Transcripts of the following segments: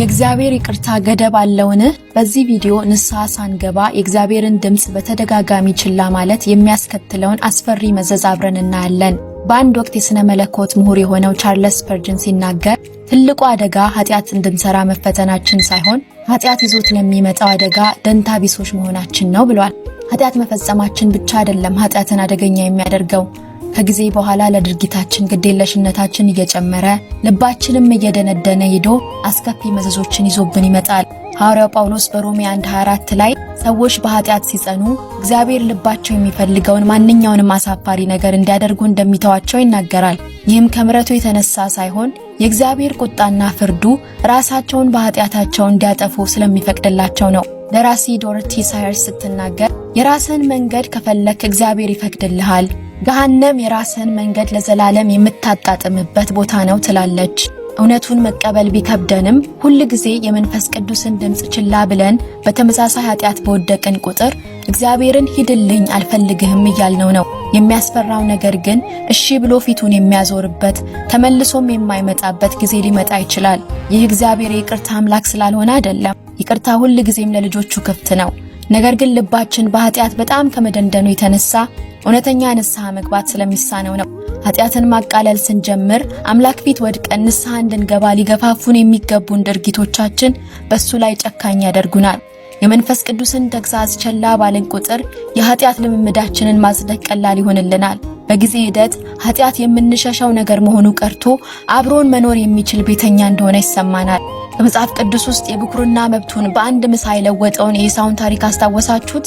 የእግዚአብሔር ይቅርታ ገደብ አለውን? በዚህ ቪዲዮ ንስሐ ሳንገባ የእግዚአብሔርን ድምፅ በተደጋጋሚ ችላ ማለት የሚያስከትለውን አስፈሪ መዘዝ አብረን እናያለን። በአንድ ወቅት የሥነ መለኮት ምሁር የሆነው ቻርለስ ስፐርጅን ሲናገር ትልቁ አደጋ ኃጢአት እንድንሰራ መፈተናችን ሳይሆን ኃጢአት ይዞት ለሚመጣው አደጋ ደንታ ቢሶች መሆናችን ነው ብሏል። ኃጢአት መፈጸማችን ብቻ አይደለም ኃጢአትን አደገኛ የሚያደርገው ከጊዜ በኋላ ለድርጊታችን ግዴለሽነታችን እየጨመረ ልባችንም እየደነደነ ሄዶ አስከፊ መዘዞችን ይዞብን ይመጣል። ሐዋርያው ጳውሎስ በሮሜ 1:24 ላይ ሰዎች በኃጢአት ሲጸኑ እግዚአብሔር ልባቸው የሚፈልገውን ማንኛውንም አሳፋሪ ነገር እንዲያደርጉ እንደሚተዋቸው ይናገራል። ይህም ከምሕረቱ የተነሳ ሳይሆን የእግዚአብሔር ቁጣና ፍርዱ ራሳቸውን በኃጢአታቸው እንዲያጠፉ ስለሚፈቅድላቸው ነው። ደራሲ ዶርቲ ሳየርስ ስትናገር የራስን መንገድ ከፈለክ እግዚአብሔር ይፈቅድልሃል ገሃነም የራስን መንገድ ለዘላለም የምታጣጥምበት ቦታ ነው ትላለች። እውነቱን መቀበል ቢከብደንም ሁል ጊዜ የመንፈስ ቅዱስን ድምፅ ችላ ብለን በተመሳሳይ ኃጢአት በወደቅን ቁጥር እግዚአብሔርን ሂድልኝ አልፈልግህም እያልነው ነው። የሚያስፈራው ነገር ግን እሺ ብሎ ፊቱን የሚያዞርበት ተመልሶም የማይመጣበት ጊዜ ሊመጣ ይችላል። ይህ እግዚአብሔር የይቅርታ አምላክ ስላልሆነ አይደለም። ይቅርታ ሁል ጊዜም ለልጆቹ ክፍት ነው። ነገር ግን ልባችን በኃጢአት በጣም ከመደንደኑ የተነሳ እውነተኛ ንስሐ መግባት ስለሚሳነው ነው። ኃጢአትን ማቃለል ስንጀምር አምላክ ፊት ወድቀን ንስሐ እንድንገባ ሊገፋፉን የሚገቡን ድርጊቶቻችን በእሱ ላይ ጨካኝ ያደርጉናል። የመንፈስ ቅዱስን ተግሣጽ ቸላ ባልን ቁጥር የኃጢአት ልምምዳችንን ማጽደቅ ቀላል ይሆንልናል። በጊዜ ሂደት ኃጢአት የምንሸሸው ነገር መሆኑ ቀርቶ አብሮን መኖር የሚችል ቤተኛ እንደሆነ ይሰማናል። በመጽሐፍ ቅዱስ ውስጥ የብኩርና መብቱን በአንድ ምሳ የለወጠውን የኢሳውን ታሪክ አስታወሳችሁት?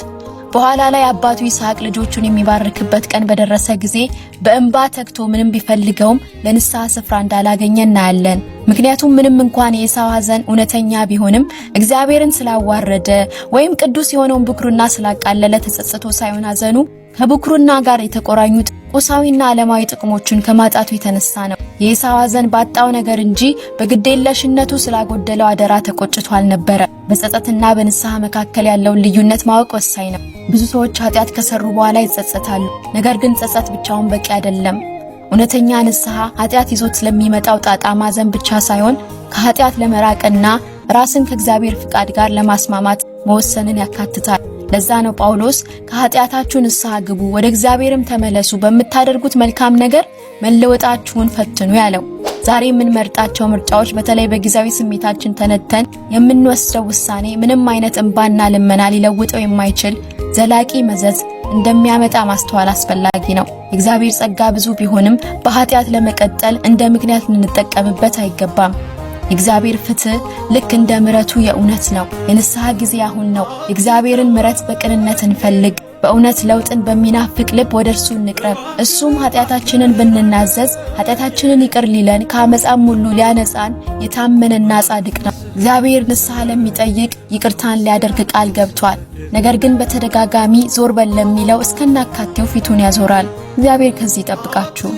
በኋላ ላይ አባቱ ይስሐቅ ልጆቹን የሚባርክበት ቀን በደረሰ ጊዜ በእንባ ተግቶ ምንም ቢፈልገውም ለንስሐ ስፍራ እንዳላገኘ እናያለን። ምክንያቱም ምንም እንኳን የኤሳው ሐዘን እውነተኛ ቢሆንም እግዚአብሔርን ስላዋረደ ወይም ቅዱስ የሆነውን ብኩርና ስላቃለለ ተጸጽቶ ሳይሆን ሐዘኑ ከብኩርና ጋር የተቆራኙት ቁሳዊና ዓለማዊ ጥቅሞቹን ከማጣቱ የተነሳ ነው። የኤሳው ሐዘን ባጣው ነገር እንጂ በግዴለሽነቱ ስላጎደለው አደራ ተቆጭቶ አልነበረ። በጸጸትና በንስሐ መካከል ያለውን ልዩነት ማወቅ ወሳኝ ነው። ብዙ ሰዎች ኃጢአት ከሰሩ በኋላ ይጸጸታሉ። ነገር ግን ጸጸት ብቻውን በቂ አይደለም። እውነተኛ ንስሐ ኃጢአት ይዞት ስለሚመጣው ጣጣ ማዘን ብቻ ሳይሆን ከኃጢአት ለመራቅና ራስን ከእግዚአብሔር ፍቃድ ጋር ለማስማማት መወሰንን ያካትታል። ለዛ ነው ጳውሎስ ከኃጢአታችሁ ንስሐ ግቡ፣ ወደ እግዚአብሔርም ተመለሱ፣ በምታደርጉት መልካም ነገር መለወጣችሁን ፈትኑ ያለው። ዛሬ የምንመርጣቸው ምርጫዎች በተለይ በጊዜያዊ ስሜታችን ተነተን የምንወስደው ውሳኔ ምንም አይነት እንባና ልመና ሊለውጠው የማይችል ዘላቂ መዘዝ እንደሚያመጣ ማስተዋል አስፈላጊ ነው። የእግዚአብሔር ጸጋ ብዙ ቢሆንም በኃጢአት ለመቀጠል እንደ ምክንያት ልንጠቀምበት አይገባም። እግዚአብሔር ፍትህ ልክ እንደ ምረቱ የእውነት ነው። የንስሐ ጊዜ አሁን ነው። እግዚአብሔርን ምረት በቅንነት እንፈልግ። በእውነት ለውጥን በሚናፍቅ ልብ ወደ እርሱ እንቅረብ። እሱም ኃጢአታችንን ብንናዘዝ ኃጢአታችንን ይቅር ሊለን ከአመፃም ሁሉ ሊያነጻን የታመነና ጻድቅ ነው። እግዚአብሔር ንስሐ ለሚጠይቅ ይቅርታን ሊያደርግ ቃል ገብቷል። ነገር ግን በተደጋጋሚ ዞር በል ለሚለው እስከናካቴው ፊቱን ያዞራል። እግዚአብሔር ከዚህ ይጠብቃችሁ።